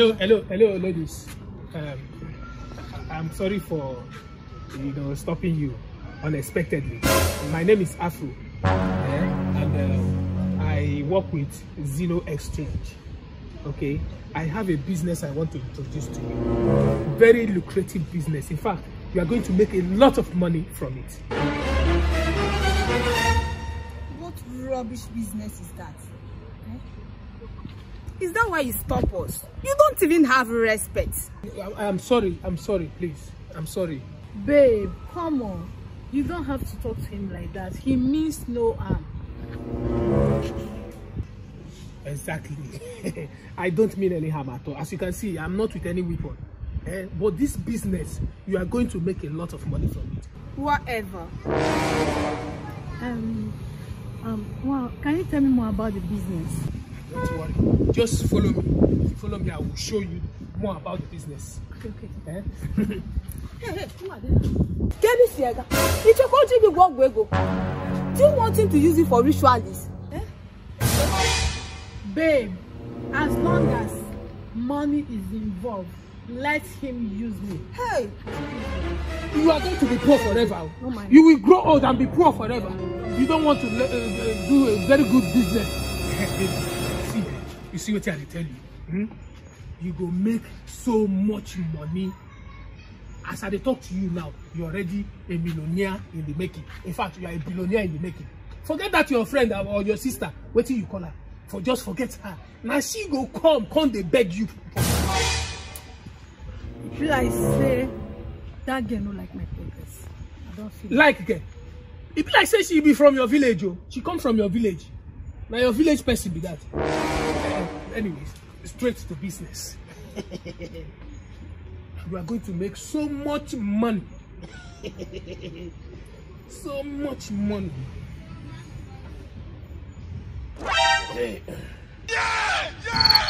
hello, hello, hello, ladies. Um, I'm sorry for you know stopping you unexpectedly. My name is Afro, and uh, I work with Zeno Exchange. Okay, I have a business I want to introduce to you. Very lucrative business. In fact, you are going to make a lot of money from it. What rubbish business is that? Eh? Is that why you stop us? You don't even have respect. I, am sorry. I'm sorry, please. I'm sorry. Babe, come on. You don't have to talk to him like that. He means no harm. Exactly. I don't mean any harm at all. As you can see, I'm not with any weapon. Eh? But this business, you are going to make a lot of money from it. Whatever. Um, um, well, can you tell me more about the business? just follow me if you follow me i will show you more about the business okay okay. eh? Kemi Siega, it's your country we work with go. Do you want him to use it for rituals? Eh? Babe, as long as money is involved, let him use me. Hey! You are going to be poor forever. Oh my. You will grow old and be poor forever. You don't want to uh, uh, do a very good business. you see wetin i They tell you hmm? you go make so much money as i dey talk to you now you already a millionaire in the making in fact you are a billionaire in the making forget that your friend or your sister Wait till you call her for just forget her Now she go come come they beg you. be like say that girl no like my progress i don't feel. like girl e be like say she be from your village o oh. she come from your village Now your village person be that. Anyways, straight to business. we are going to make so much money. so much money. Hey. Yeah! Yeah!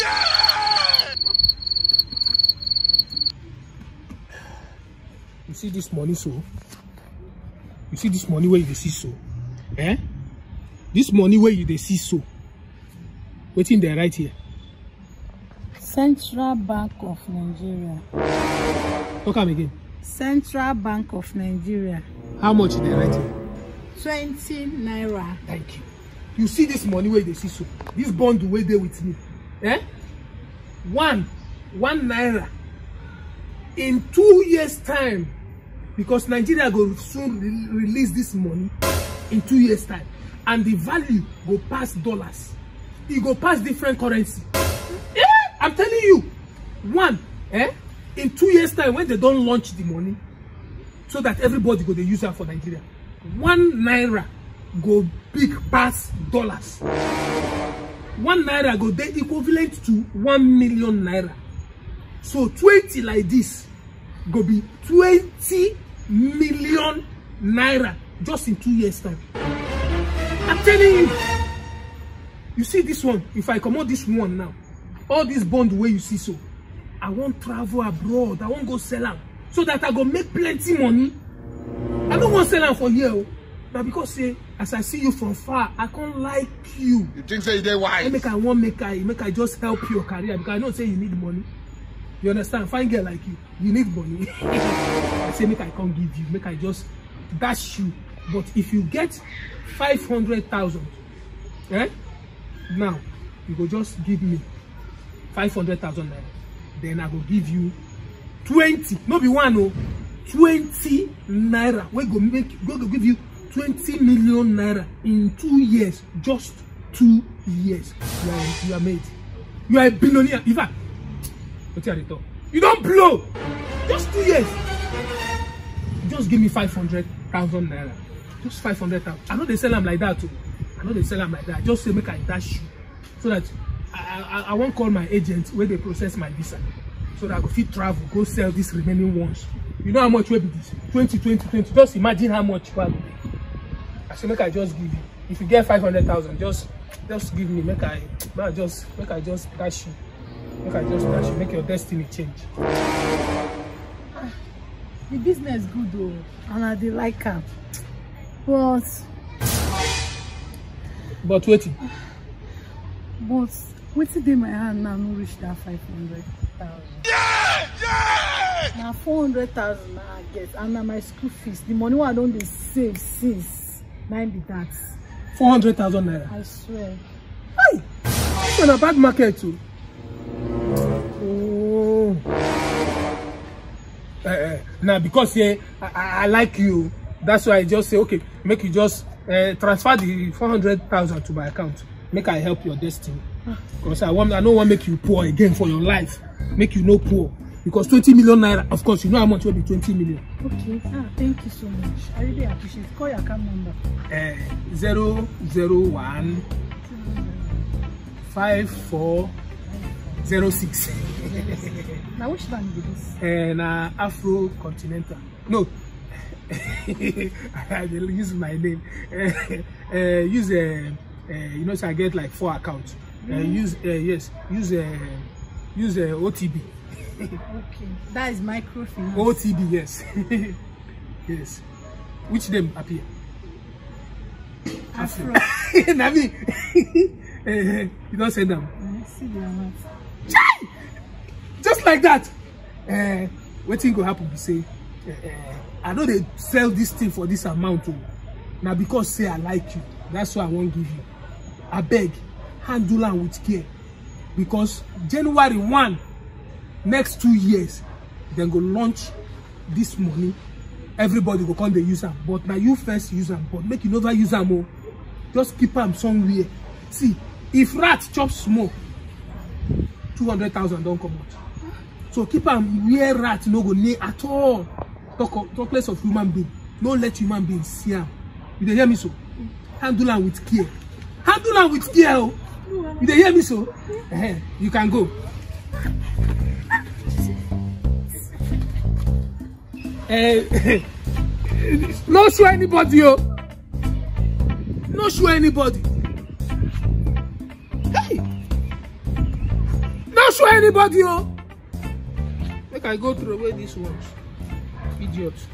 Yeah! You see this money so? You see this money where you see so? Eh? This money where you see so? wetin there? Right here. central bank of nigeria. talk am again. central bank of nigeria. how much dey write here. twenty naira. thank you you see this money where they see so this bond wey there with me eh one one naira in two years time because nigeria will soon re release this money in two years time and the value will pass dollars e go pass different currency yeah i'm telling you one eh in two years time when they don't launch the money so that everybody go they use am for nigeria one naira go big pass dollars one naira go they equivalent to one million naira so twenty like this go be twenty million naira just in two years time i'm telling you you see this one if i comot this one now all this bond the way you see so i wan travel abroad i wan go sell am so that i go make plenty money i no wan sell am for here o na because say as i see you from far i come like you. you think say you dey wise. make i wan make i make i just help your career because i know say you need money you understand fine girl like you you need money i say make i come give you make i just dash you but if you get five hundred thousand eh now you go just give me five hundred thousand naira then i go give you twenty no be one oh, twenty naira We go make go go give you twenty million naira in two years just two years you are you are made you are a billionaire in fact wetin i dey talk you don blow just two years just give me five hundred thousand naira just five hundred thousand i no dey sell am like that too. Oh i no dey sell am like that i just say make i dash you so that i i, I won't call my agent wey they process my visa so that i go fit travel go sell these remaining ones you know how much wey be this twenty twenty twenty just imagine how much wa go i say make i just give you if you get five hundred thousand just just give me make i make i just make i just dash you make i just dash you make your destiny change. Ah, the business good though, and i dey like am but but waiting. but waiting day my hand now no reach that five hundred thousand Now four hundred thousand i get and na my school fees the money i don't dey save since na im be that. four hundred thousand naira. i swear. hi this one na bad market too. Oh. Uh, uh, na because yeah, I, I, i like you that's why i just say okay make you just uh, transfer the four hundred thousand to my account make i help your destiny because i want i no wan make you poor again for your life make you no poor because twenty million naira of course you know how much will be twenty million. okay ah thank you so much i really appreciate call your account number. Uh, zero zero one five four zero six. na which bank is this. Uh, na afro continental no I will use my name. Uh, use a, eh, you know, so I get like four accounts. Mm. use yes, use a use a OTB. okay, that is microfinance. OTB yes, yes. Which them appear? Afro. Nabi, you don't say them. Let's see the Just like that. Uh, what thing will happen? We say. Eh, eh, i know they sell this thing for this amount o na because say i like you that's why i won't give you abeg handle am with care because january one next two years dem go launch this money everybody go come dey use am but now you first use am but make you never use am o just keep them somewhere see if rat chop small two hundred thousand don comot so keep them where rat no go near at all talk talk less of human being no let human beings see am you dey hear me so handle am with care handle am with care o oh. you dey hear me so uh -huh. you can go. Uh, no show anybody oh. no show anybody hey no show anybody oh. make i go throw away these ones. idiotos.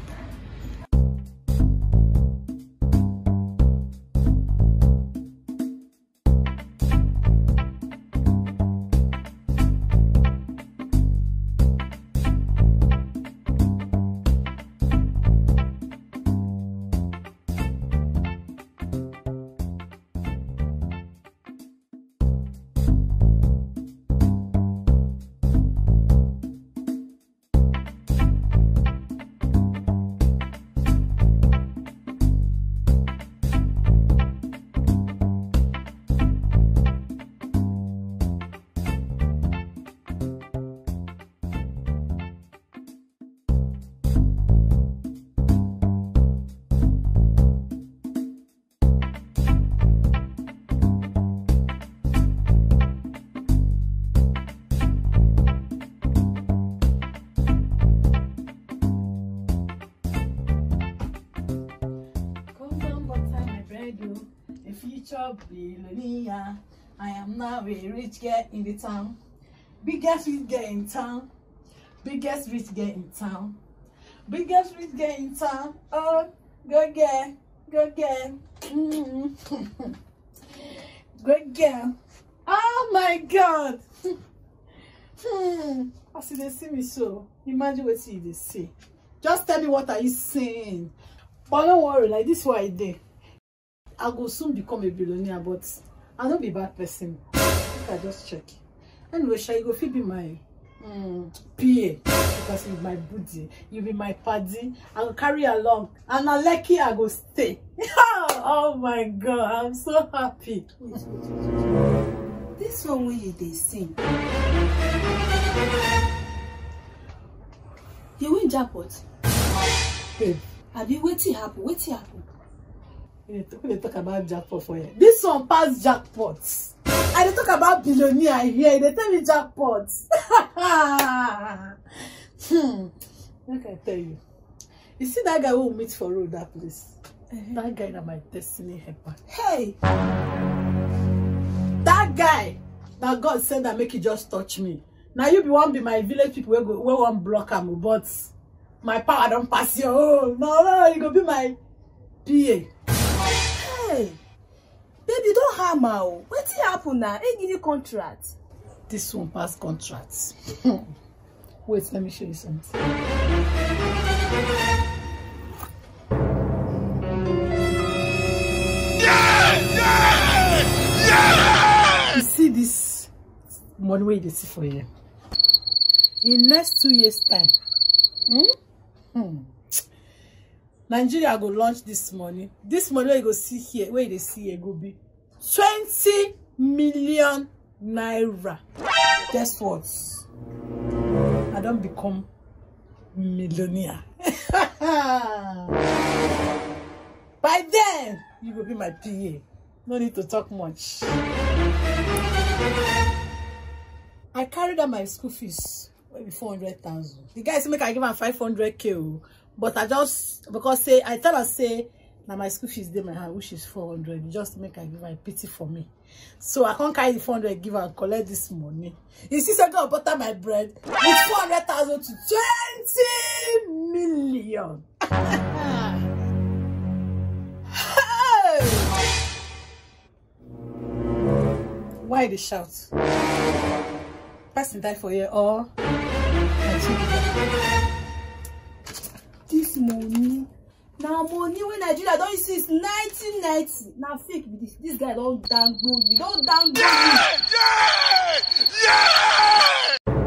I am now a rich girl in the town. Biggest rich girl in town. Biggest rich girl in town. Biggest rich girl in town. Oh, good girl. good girl. Mm -hmm. Good girl. Oh my God. hmm. As they see me so, imagine what they see. Just tell me what are you saying. But don't worry, like this why I did. I will soon become a billionaire, but i no be bad person make i just check anyway shall you go fit be my um, mm, pa because you my booty. you be my padi I'll carry along and na lekki i go stay oh my god i'm so happy this one wey you dey sing you win jackpot babe you waiting? happen Waiting happen we dey talk about jackpot for you. this one pass jackpot i dey talk about billionaire here They tell me jackpot hmm make i tell you you see that guy who we meet for road that place uh mm-hmm. -huh. that guy na my destiny helper hey that guy na god send that make you just touch me Now you be one be my village people where go wey wan block am but my power don't pass your own na ooo you go be my pa palmer o wetin happen na you contract. this one pass contract wait let me show you something. Yes! Yes! Yes! You see this money wey you dey see for here in next two years time hmm? Hmm. nigeria go launch this money this money wey you go see here wey you dey see here go be twenty million naira guess what i don't become millionaire by then you will be my pa no need to talk much i carried down my school fees maybe be four hundred thousand the guy say make i give him five hundred k oh. but i just because say i tell her say na my school fees dey my hand which is four hundred just make i give my pity for me so i can't carry the four hundred give and collect this money Is this say god butter my bread with four hundred thousand to twenty million. why the shout? Person died for you or this money na money wey nigeria don use since 1990 na fake be this this guy don dangbo you don dangbo you. Yeah! Yeah!